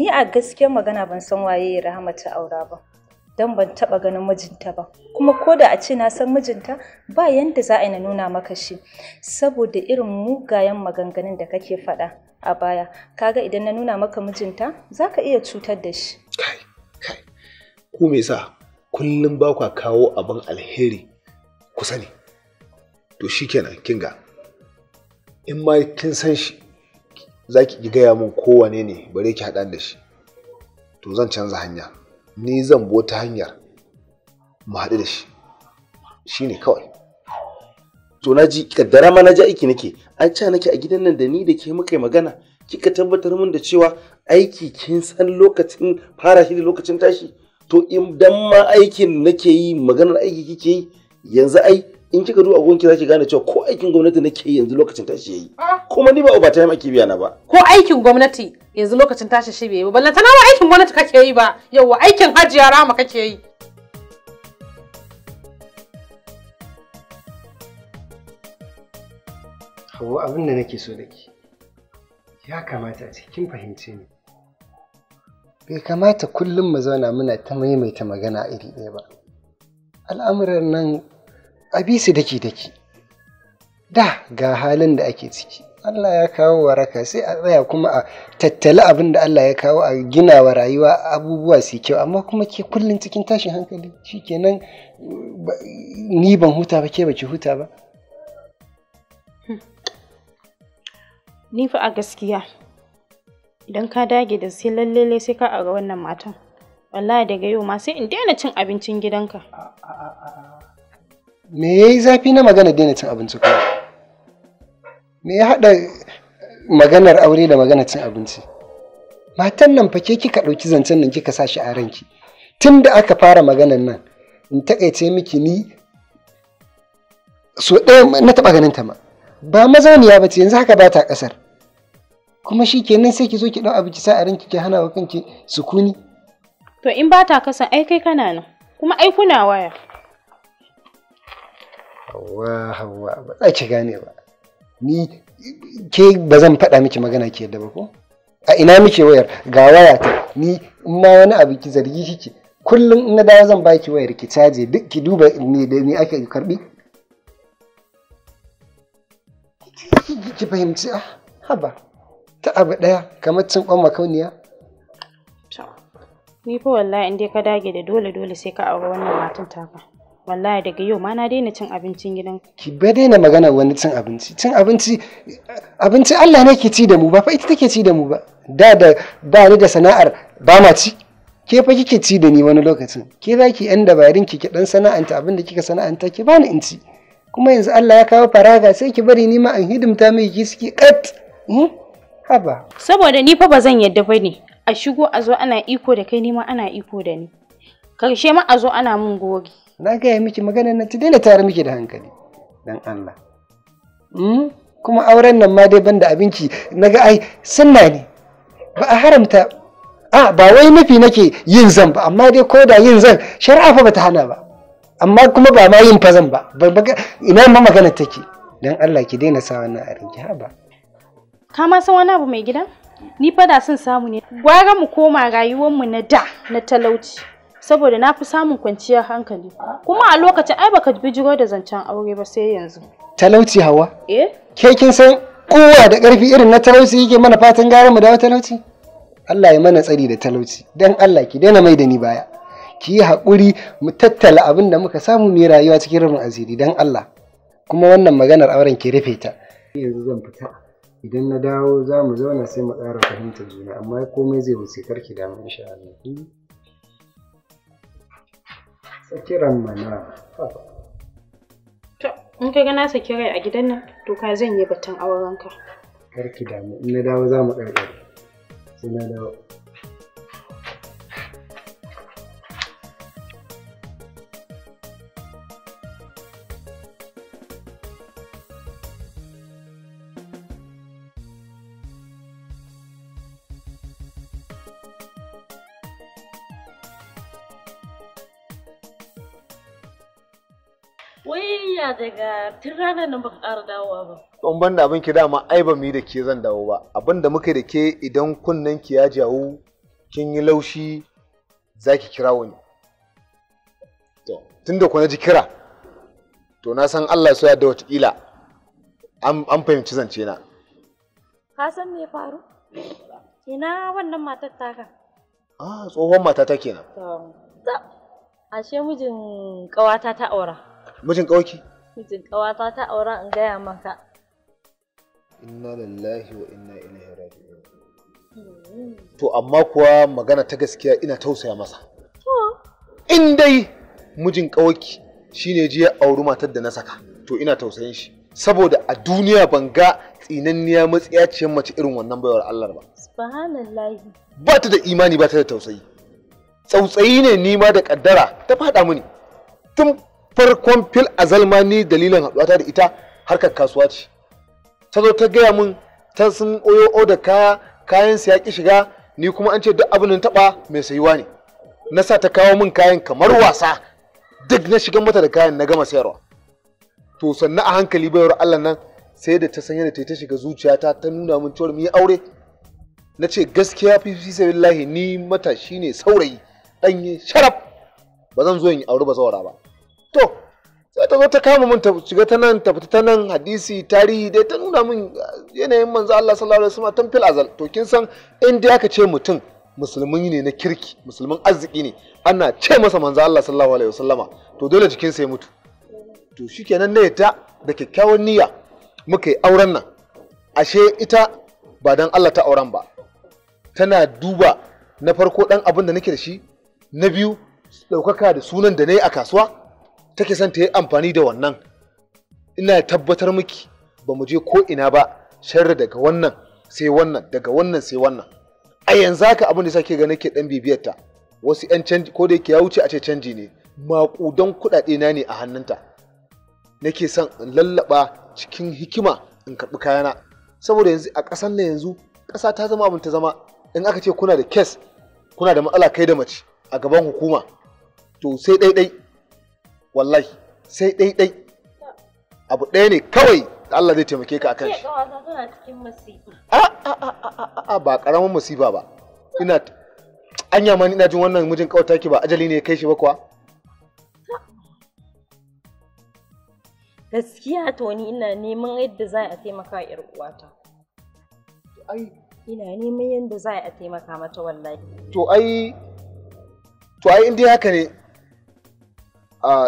ni a gaskiyar magana ban san waye ya rahama ta aura ba don ban taba ganin mijinta ba kuma ko da a ce na san mijinta ba yanda za a na nuna maka shi saboda irin mugayen maganganun da kake faɗa a baya kaga idan na nuna maka mijinta za ka iya cutar da shi ku me sa kullum ba kwa kawo abin alheri ku sani to shikenan kinga in ma kin san shi za ki gaya min kowane ne bare ki haɗa da shi to zan canza hanya ni zan bi wata hanyar mu haɗu da shi shi ne kawai to na ji kaddara ma na ji aiki nake an ca nake a gidan nan da ni da ke muka magana kika tabbatar min da cewa aiki kin san lokacin fara shi da lokacin tashi to idan ma aikin nake yi maganar aiki kike yi yanzu ai in kika duba agogon ki zaki gane cewa ko aikin gwamnati nake yanzu lokacin tashi yayi kuma ni ba overtime ake biya na ba ko aikin gwamnati yanzu lokacin tashi shi bai ba ta nawa aikin gwamnati kake yi ba yawa aikin hajiya rama kake yi Hawa abin da nake so da ke ya kamata a cikin fahimce ni bai kamata kullum mu zauna muna ta maimaita magana iri ɗaya ba al'amuran nan a bi su daki-daki da ga halin da ake ciki Allah ya kawo waraka sai a tsaya kuma a tattali abin da Allah ya kawo a gina wa rayuwa abubuwa su kyau amma kuma ke kullum cikin tashin hankali shikenan ni ban huta ba ke baki huta ba hmm. ni fa a gaskiya idan ka dage da sai lallele sai ka aga wannan matan wallahi daga yau ma sai in daina cin abincin gidanka me ya yi zafi na magana daina cin abinci kuma me ya haɗa maganar aure da maganar cin abinci matan nan fake kika ɗauki zancen nan kika sa shi a ranki tun da aka fara maganar nan in taƙaice miki ni so ɗaya na taɓa ganin ta ma ba mazauniya ba ce yanzu haka ba ta ƙasar kuma shi kenan sai ki zo ki ɗau abinci sa a ranki ki hana wa kanki sukuni to in ba ta kasan ai kai kana nan kuma ai kuna waya hawa hawa ba za ki gane ba ni ke ba zan faɗa miki magana ke yadda ba ko a ina miki wayar ga waya ta ni in ma wani abu ki zargi kike kullum in na dawo zan baki wayar ki caje duk ki duba ni da ni aka karbi ki fahimci ah haba ta abu daya kamar cin kwan makauniya ni fa wallahi in dai ka dage da dole dole sai ka aure wannan matan taka wallahi daga yau ma na daina cin abincin gidan ki ba daina magana wani cin abinci cin abinci abinci Allah ne ke ci da mu ba fa ita take ci da mu ba da da ba ni da sana'ar ba ma ci ke fa kike ci da ni wani lokacin ke za ki yan dabarun ki ki dan sana'anta abin da kika sana'anta ki bani in ci kuma yanzu Allah ya kawo faraga sai ki bari ni ma an hidimta mai ki suke kat haba saboda ni fa ba zan yadda ba ne a shigo a zo ana iko da kai ni ma ana iko da ni karshe ma a zo ana mun gogi na gaya miki maganar nan ta daina tare miki da hankali dan Allah hmm? kuma auren nan ma dai banda abinci naga ai sunna ne ba a haramta a ba wai nufi nake yin zan ba amma dai ko da yin zan shari'a fa bata hana ba amma kuma ba ma yin fazan ba ina ma magana take dan Allah ki daina sa wannan a rinki ba ka ma san wani abu mai gida ni fa da sun samu ne gwara mu koma rayuwar mu na da na talauci saboda na fi samun kwanciyar hankali kuma a lokacin ai baka bijiro da zancen aure ba sai yanzu talauci hawa eh ke kin san kowa da karfi irin na talauci yake mana fatan gara mu dawo talauci Allah ya mana tsari da talauci dan Allah ki daina mai da ni baya ki yi haƙuri mu tattala abin da muka samu mu rayuwa cikin rabin aziri, dan Allah kuma wannan maganar auren ki rufe ta yanzu zan fita idan na dawo za mu zauna sai mu ƙara fahimtar juna amma komai zai wuce karki da mu insha Allah kiran mana in ka ga na saki a gidan nan to ka zan yi batun aurenka kar ki damu in na dawo za mu ɗaukar sai na dawo daga tun ranar nan baka ƙara dawowa ba. Ban ban da abin ki dama ai ba mu yi da ke zan dawo ba. Abin da muka da ke idan kunnen ki ya jawo kin yi laushi za ki kira wani. To, tun da na ji kira, to na san Allah so ya da watakila an fahimci zance na. Ka san me faru? Ina wannan matar taka? Ah, tsohon matata kenan. Ashe mijin ƙawata ta aura. mijin ƙauki mijin ƙawata ta aura in gaya maka inna lillahi wa inna ilaihi raji'un hmm. to amma kuwa magana ta gaskiya ina tausaya masa in dai mijin ƙawaki shine ji ya auri matar da na saka to ina tausayin shi saboda a duniya ban ga tsinanniya ce mace irin wannan baiwar Allah ba subhanallahi ba ta da imani ba ta da tausayi tsautsayi ne nima da ƙaddara ta faɗa mini tun farkon fil azalma ni dalilin haɗuwata da ita harkar kasuwa ce ta zo ta gaya min ta sun oyo da kaya kayan su ki shiga ni kuma an ce duk abin taɓa mai sayuwa ne na sa ta kawo min kayan kamar wasa duk na shiga mata da kayan na gama sayarwa to sannan a hankali baiwar Allah nan sai da ta sanya da ta ta shiga zuciyata ta nuna min cewar mu yi aure na ce gaskiya fi fi sabillahi ni matashi ne saurayi ɗanye sharaf ba zan zo in yi aure ba saura ba to sai ta zo ta kama mun ta shiga ta nan ta fita ta nan hadisi tarihi dai ta nuna min yanayin manzo Allah sallallahu alaihi wasallam tan fil azal to kin san in dai aka ce mutum musulmi ne na kirki musulmin arziki ne ana ce masa manzo Allah sallallahu alaihi wasallama to dole jikin sai mutu to shikenan ne ta da kyakkyawan niyya muka yi auren nan ashe ita ba dan Allah ta auren ba tana duba na farko dan abin da nake da shi na biyu daukaka da sunan da na yi a kasuwa take son ta yi amfani da wannan ina tabbatar miki ba mu je ko ina ba sharri daga wannan sai wannan daga wannan sai wannan a yanzu haka abin da sake ga nake dan bibiyar ta wasu yan canji ko da yake ya wuce a ce canji ne maƙudan kuɗaɗe na ne a hannunta nake son in lallaba cikin hikima in karɓi kayana saboda yanzu a ƙasan na yanzu ƙasa ta zama abin ta zama in aka ce kuna da kes kuna da matsala kai da mace a gaban hukuma to sai ɗaiɗai wallahi sai ɗaiɗai abu ɗaya ne kawai da Allah zai taimake ka akan shi a a a ba karamin musiba ba ina anya ma ina jin wannan mijin kawai ki ba ajali ne ya kai shi ba kuwa gaskiya to ni ina neman yadda za a taimaka yar uwata ai ina neman yadda za a taimaka mata wallahi to ai to ai in haka ne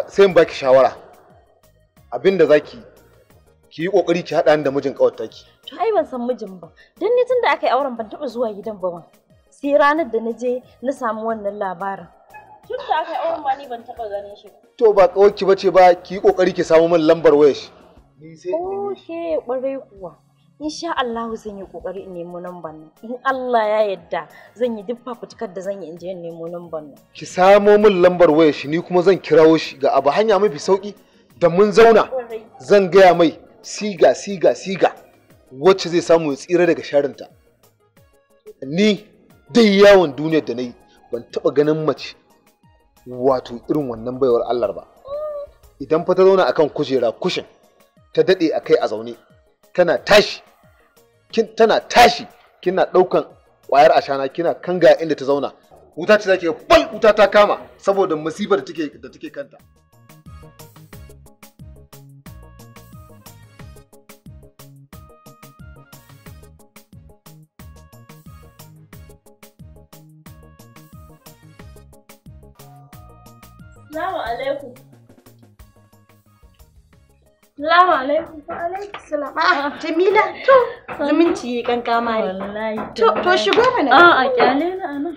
sai mu baki shawara abinda zaki ki yi kokari ki haɗa da mijin ƙawarta ki. To ai ban san mijin ba. Dan ni tunda aka yi auren ban taɓa zuwa gidan ba ban. Sai ranar da na je na samu wannan labarin. Tunda aka yi auren ma ni ban taɓa ganin shi. To ba kawai ki bace ba ki yi kokari ki samu min lambar wayar shi. Ni sai. Okay, kware kuwa. insha Allahu zan yi kokari in nemo namban nan in Allah ya yadda zan yi duk fafutukar da zan yi in je in nemo namban nan ki samo min lambar waya shi ni kuma zan kirawo shi ga abu hanya mafi sauki da mun zauna zan gaya mai siga siga siga wacce zai samu ya tsira daga sharinta ni dai yawon duniyar da na yi ban taɓa ganin mace wato irin wannan baiwar Allah ba idan fa ta zauna akan kujera kushin ta daɗe a kai a zaune tana tashi kin tana tashi kina ɗaukan ƙwayar ashana kina kanga inda ta zauna wuta ce zaki bal wuta ta kama saboda musibar da take da take kanta Assalamu alaikum. Salamu alaikum. Wa alaikum salam. Ah, Jamila, to zumunci yi kankama ne. Wallahi. To to shigo mana. A ah, a kyale na anan.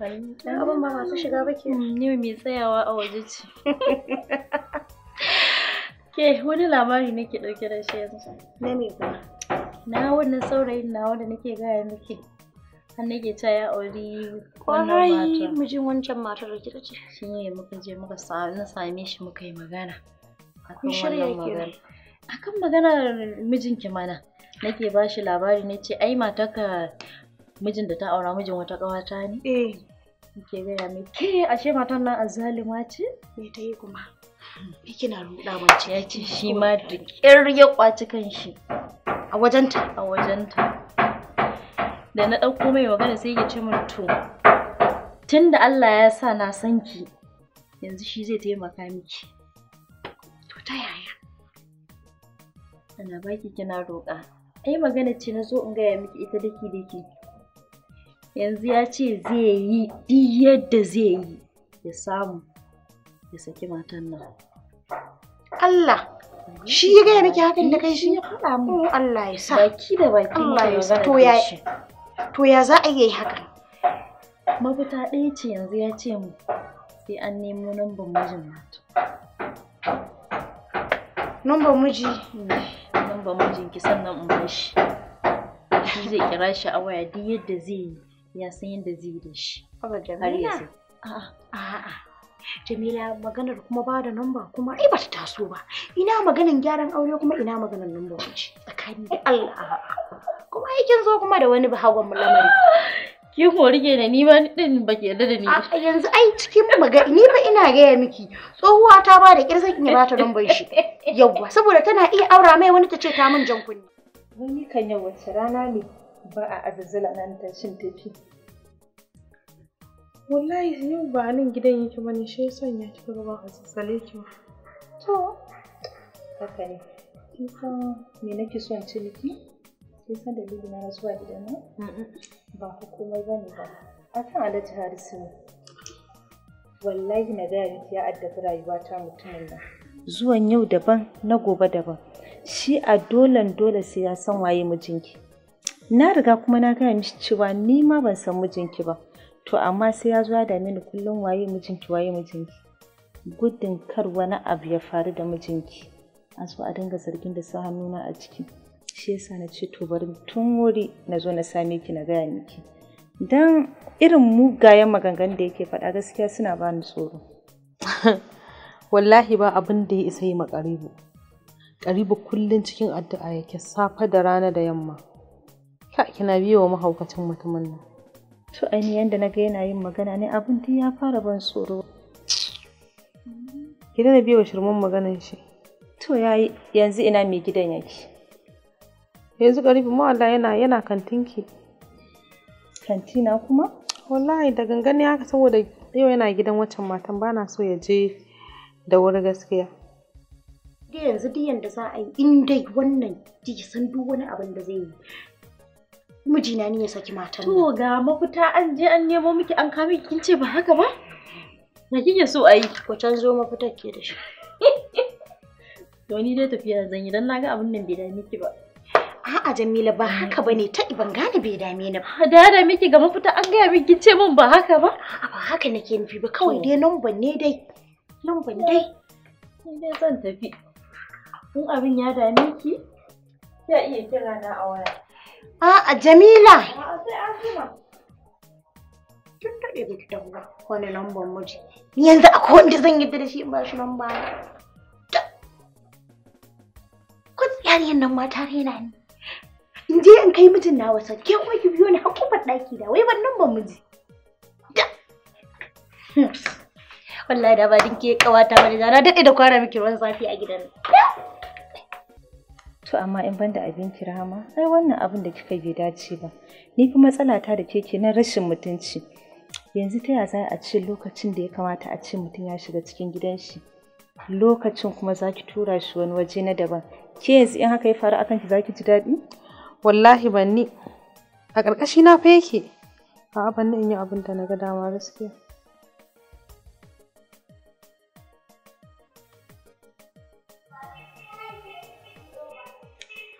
Abin ba masu shiga ba ke. Mm, ni mai tsayawa a waje ce. Ke wani labari nake ɗauke da shi yanzu. Na me ba? Na wannan saurayin nawa da nake gaya miki. har ke ta ya auri wannan mata mijin wancan matar da kira ce shi ne muka je muka na same shi muka yi magana akan wannan magana akan maganar mijinki mana nake ba shi labari na ce ai matarka mijin da ta aura mijin wata ƙawata ne eh nake gaya mai ke ashe matan nan azzalima ce me eh, ta yi kuma me kina ruɗa mace ya ce shi ma da ƙyar ya ƙwaci kan shi a wajenta a wajenta da na ɗauko mai magana sai ya ce min to tun da Allah ya sa na san ki yanzu shi zai taimaka miki to ta yaya ana baki kina roƙa ai magana ce na zo in gaya miki ita dake dake yanzu ya ce zai yi duk yadda zai yi ya samu ya saki matan nan Allah shi ya gaya miki hakan da kai shi ya faɗa mu mm, Allah ya sa baki da baki Allah ya sa to yaya To ya za a yi hakan? Mafita ɗaya ce yanzu ya ce mu sai an nemo namban mijin nato. Namban miji? Hm, namban ki sannan in ba Shi zai kira shi a waya duk yadda zai yi ya san yadda zai yi da shi. Har jamila A'a. A'a. Jamila maganar kuma ba da namba kuma ai bata taso ba. Ina maganin gyaran aure kuma ina maganar namba wace. Tsakani da Allah. ai kin zo kuma da wani bahagon mu lamari ki hori ke da ni ba din ba ke da ni a yanzu ai cikin maga ni fa ina gaya miki tsohuwa ta ba da kirsakin ya ba don bai shi yawwa saboda tana iya aura mai wani ta ce ta min jan kunni wani kan yau wace rana ne ba a azzala nan ta shin tafi wallahi yau ba nan gidan yake bane shi yasa ya ci gaban azazzale ki to haka ne kin san me nake son ciniki kin san dalili na zuwa gidan nan ba ba kan alhaji wallahi na gaya ya addabi rayuwata mutumin nan zuwan yau daban na gobe daban shi a dolan dole sai ya san waye mijinki na riga kuma na gaya mishi cewa ni ma ban san mijinki ba to amma sai ya zo ya dame ni kullum waye mijinki waye mijinki gudun kar wani abu ya faru da mijinki a so a dinga zargin da su hannuna a ciki shi yasa na ce to bari tun wuri na zo na same ki na gaya miki don irin mugayen maganganun da yake faɗa gaskiya suna ba ni tsoro wallahi ba abin da ya isa yi ma ƙaribu karibu kullum cikin addu'a yake safe da rana da yamma ka kina biyo wa mahaukacin mutumin nan to ainihin da na ga yana yin magana ne abin da ya fara ban tsoro ki da biyo shirman maganan shi to yayi yanzu ina mai gidan yake yanzu garibi ma wallahi yana yana kantinki kantina kuma wallahi da gangane haka saboda yau yana gidan waccan matan ba na so ya je da wuri gaskiya da yanzu duk yanda za a yi in dai wannan ji san duk wani abin da zai yi mijina ne ya saki matan to ga mafita an je an nemo miki an kawo miki kin ce ba haka ba na kike so a yi can zo mafitar ke da shi to ni dai tafiya zan yi dan naga abin nan bai dame ki ba A'a Jamila ba mm. haka ba ne ta ban gane bai dame ni ba. Da da miki ga mafita an gaya min kin ce min ba haka ba. A ba haka nake nufi ba kawai dai lamban ne dai. Lamban dai. Ni dai zan tafi. In abin ya dame ki ya iya kira na a waya. A'a Jamila. A'a sai an jima. Kin ki biki da wani lamban miji. Ni yanzu akwai wanda zan yi da shi in ba shi lamba. Kun tsiyar yin nan ma ta rena ni. in in kai mijin na wasa ke kuma ki biyo ni har kofar ɗaki da wai wannan ba miji hmm. wallahi da ba din kawata bane da na daɗe da kwara miki ruwan zafi a gidan to amma in banda abin kirama, ai wannan abin da kika bai dace ba ni fi matsala ta da keke na rashin mutunci yanzu ta ya za a ce lokacin da ya kamata a ce mutum ya shiga cikin gidan shi lokacin kuma za ki tura shi wani waje na daban ke yanzu in haka ya faru akan ki za ki ji daɗi wallahi banni a ƙarƙashi na fa yake a banni in yi abin da na ga dama gaskiya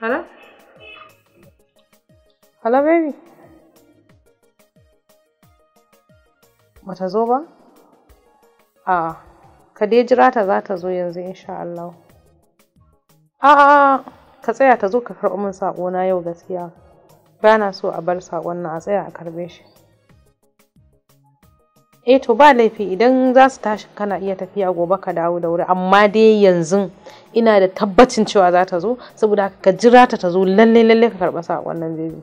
Hello? baby. Bata zo ba? A, ka dai jira ta za ta zo yanzu, insha Allah. A'a. ka tsaya ta zo ka karɓo min saƙo na yau gaskiya ba na so a bar saƙon na a tsaya a karɓe shi eh to ba laifi idan za su tashi kana iya tafiya gobe ka dawo da wuri amma dai yanzu ina da tabbacin cewa za ta zo saboda ka jira ta ta zo lalle lalle ka karɓa saƙon nan bebi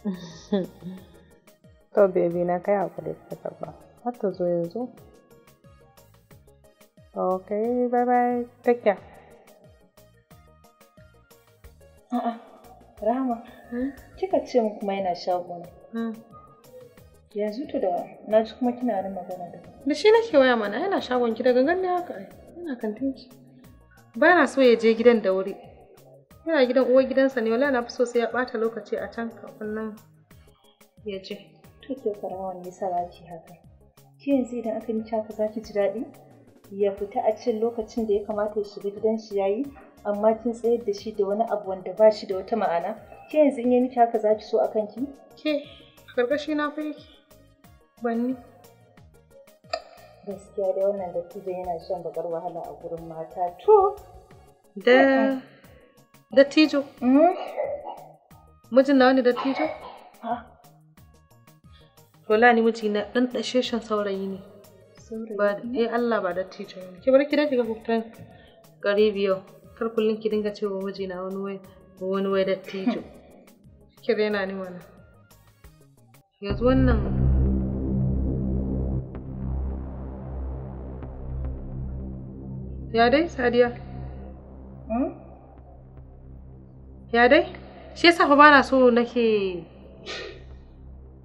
to bebi na kai hakuri ka karɓa har ta zo yanzu okay bye bye take care A'a, Rama, hmm? kika ce mu kuma yana shagona. Hmm. Yanzu to da na ji kuma kina wani magana da. Da shi nake waya mana yana shagon ki daga gangan ne haka ai. Yana kantin ki. Ba so ya je gidan da wuri. Yana gidan uwar gidansa ne wallahi na fi so sai ya ɓata lokaci a can kafin nan ya je. To ke farawa ne yasa ba ki haka. Ki yanzu idan aka yi caka za ki ji daɗi? Ya fita a cikin lokacin da ya kamata ya shiga gidan shi ya yi. amma kin tsayar da shi da wani abu wanda ba shi da wata ma'ana ke yanzu in yi miki haka za ki so a ki ke karkashi na fa yake banni gaskiya da wannan da dattijo yana shan bakar wahala a gurin mata to da da tijo mhm. mijin na wani da tijo la ni miji na dan dasheshen saurayi ne Saurayi ba eh Allah ba dattijo ne Ke bar ki da kiga hutan gari biyu kar kullum ki dinga cewa na wani wai wani wai dattijo ki rena ni wannan yanzu wannan ya dai sadiya hmm? ya dai shi yasa fa bana so nake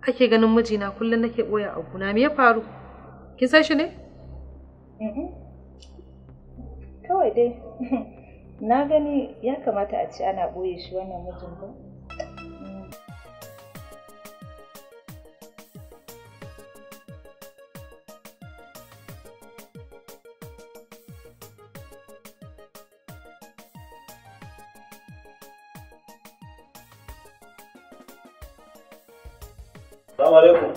ake ganin mijina kullum nake boye abu na me ya faru kin san shi ne kawai dai na gani ya kamata a ce ana ɓoye shi wannan mijin ba Assalamu alaikum.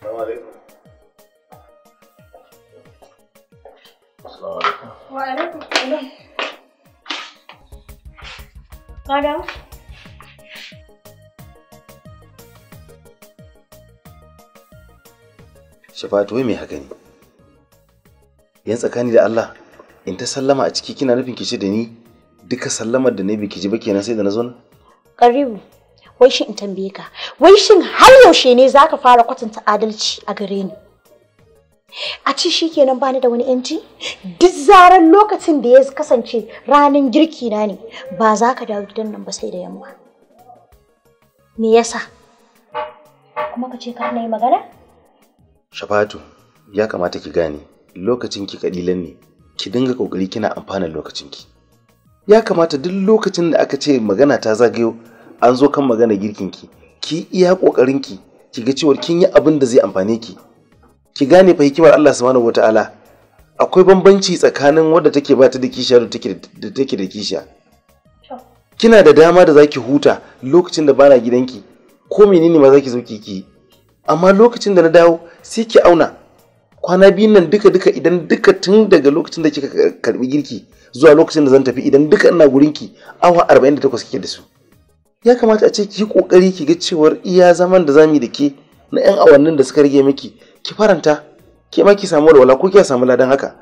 Assalamu alaikum. Lager. Shafatu wai mai haka ne? Yan tsakani da Allah in ta sallama a ciki kina nufin ki da ni duka sallamar da na biki ji ba kenan sai da na zo na? Karibu, wai shi in tambaye ka, wai shin har yaushe ne za ka fara kwatanta adalci a gare ni? a ci shi kenan bani da wani yanci duk zaran lokacin da ya kasance ranar girki na ne ba za ka dawo gidan nan ba sai da yamma me yasa kuma ka ce ka na yi magana shafatu ya kamata ki gane lokacin ki kadilan ne ki dinga kokari kina amfana lokacin ki ya kamata duk lokacin da aka ce magana ta zagayo an zo kan magana girkin ki ki iya kokarin ki ki ga cewa kin yi abin da zai amfane ki ki gane fa hikimar Allah subhanahu wataala akwai bambanci tsakanin wadda take bata ta da kishiya da take da kishiya kina da dama da zaki huta lokacin da bana gidanki ko menene ma zaki zo ki ki amma lokacin da na dawo sai ki auna kwana biyun nan duka duka idan duka tun daga lokacin da kika karbi girki zuwa lokacin da zan tafi idan duka ina gurinki awa 48 kike da su ya kamata a ce ki yi kokari ki ga cewar iya zaman da zamu da ke na yan awannin da suka rage miki ki faranta ke ma ki samu walwala ko ki samu ladan haka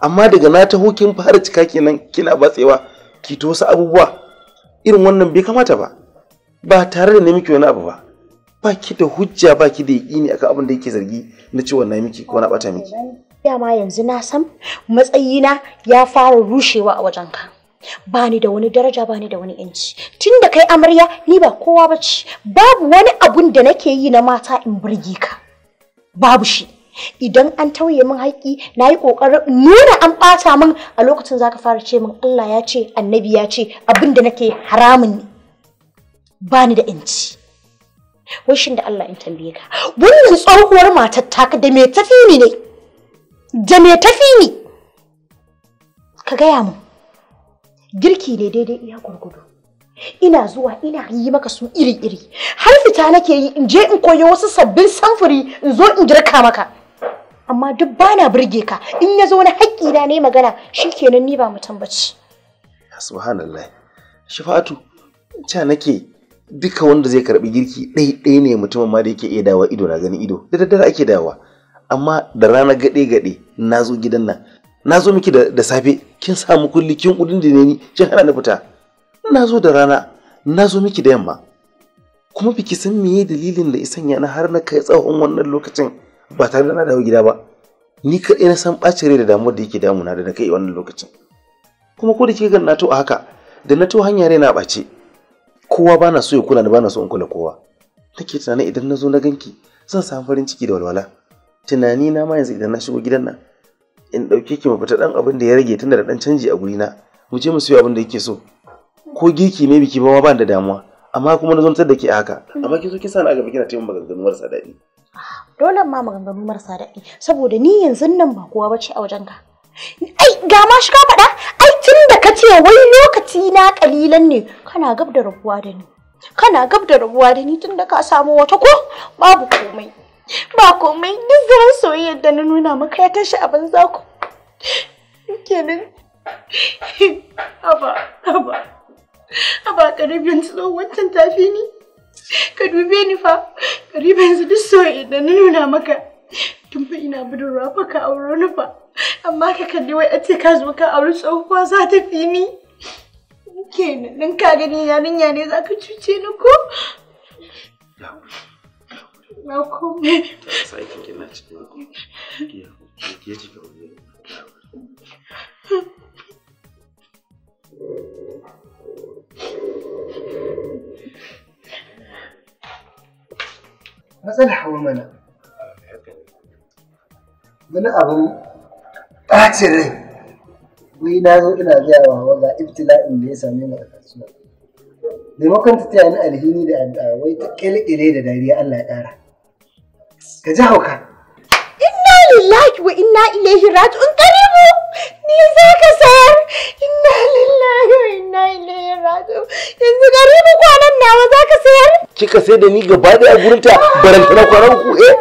amma daga na taho kin fara cika kenan kina batsewa ki to wasu abubuwa irin wannan bai kamata ba ba tare da ne miki wani abu ba ba ki da hujja ba ki da yaƙini akan abin da yake zargi na ci wannan miki ko na bata miki dama yanzu na san matsayina ya fara rushewa a wajenka ba ni da wani daraja ba ni da wani inci tun da kai amarya ni ba kowa ba ce babu wani abun da nake yi na mata in burge ka babu shi idan an tauye min haƙƙi na yi ƙoƙarin nuna an ɓata min a lokacin za ka fara ce min Allah ya ce annabi ya ce abin da nake haramun ne ba ni da inci wishin da Allah in tambaye ka wannan tsohuwar matar taka da me tafi ni ne da me tafi ni ka gaya mu girki ne daidai iya gurgudu. ina zuwa ina yi maka su iri-iri har fita nake yi in je in koyo wasu sabbin samfuri in zo in girka maka amma duk bana burge ka in ya zo na haƙƙi na ne magana shikenan ni ba mutum bace subhanallah shifatu ta nake duka wanda zai karbi girki ɗai ɗai ne mutumin ma da yake iya dawa ido na gani ido da daddare ake dawa amma da rana gaɗe gaɗe na zo gidan nan na zo miki da safe kin samu kulli kin kudin da ne ni kin hana na fita na zo da rana na zo miki da yamma kuma biki san meye dalilin da isan yana har na kai tsawon wannan lokacin ba tare da na dawo gida ba ni kaɗai na san ɓacin rai da damuwar da yake damuna da na kai wannan lokacin kuma ko da kika na to a haka da na to hanya rai na ɓace kowa bana so ya kula ni bana so in kula kowa take tunanin idan na zo na ganki zan samu farin ciki da walwala tunani na ma yanzu idan na shigo gidan nan in ɗauke ki mu ɗan abin da ya rage tunda da ɗan canji a gurina mu je mu siyo abin da yake so ko girki mai biki ba ba da damuwa amma kuma na zontar da ke haka amma ki so ki sani a gaba kina taimaka maganganu marasa daɗi dole ma maganganu marasa daɗi saboda ni yanzu nan ba kowa bace a wajen ka. ai ga ma shi ka faɗa ai tun da ka ce wai lokaci na kalilan ne kana gab da rabuwa da ni kana gab da rabuwa da ni tun da ka samu wata ko babu komai ba komai duk zaman soyayyar da na nuna maka ya tashi a banza ku kenan haba haba a ba karibin tsohon wancan tafi ni ka dube ni fa karibin su duk soyi da na nuna maka tun fa ina budurwa fa ka auro ni fa amma ka kalli wai ace ka zo ka auri tsohuwa za ta fi ni kenan nan ka gani yarinya ne za ka cuce ni ko na kome sai kin Matsala hawa mana. Wani abin ɓacin rai. Wai na zo ina gaya wa hawa ga ibtila'in da ya same mu a kasuwa. Maimakon ta taya ni alhini da addu'a wai ta ƙilƙile da dariya Allah ya ƙara. Ka ji hauka. Inna lillahi wa inna ilaihi raji'un kar ni za ka sayar inna lillahi wa inna ilaihi raji'un yanzu gari mu kwanan nawa za ka sayar kika sai da ni gaba da daya gurin ta barantana kwanan ku eh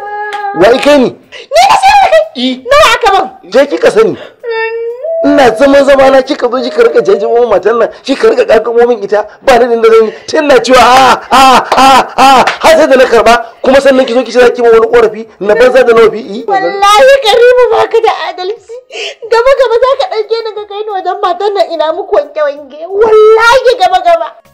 wai kai ni ni na sayar da kai nawa aka ban je kika sani ina zama zama na kika zo kika rika mu matan nan kika rika kakamomin ita ba ni da zan yi na cewa a ah, a ah, a ah, a har sai da na karba kuma sannan kizo kici ki zaki ma wani korafi na banza da nawa bi'i wallahi karimu baka da adalci gaba gaba zaka ka ni ka kai ni wajen matan nan ina muku wanke wanke wallahi gaba gaba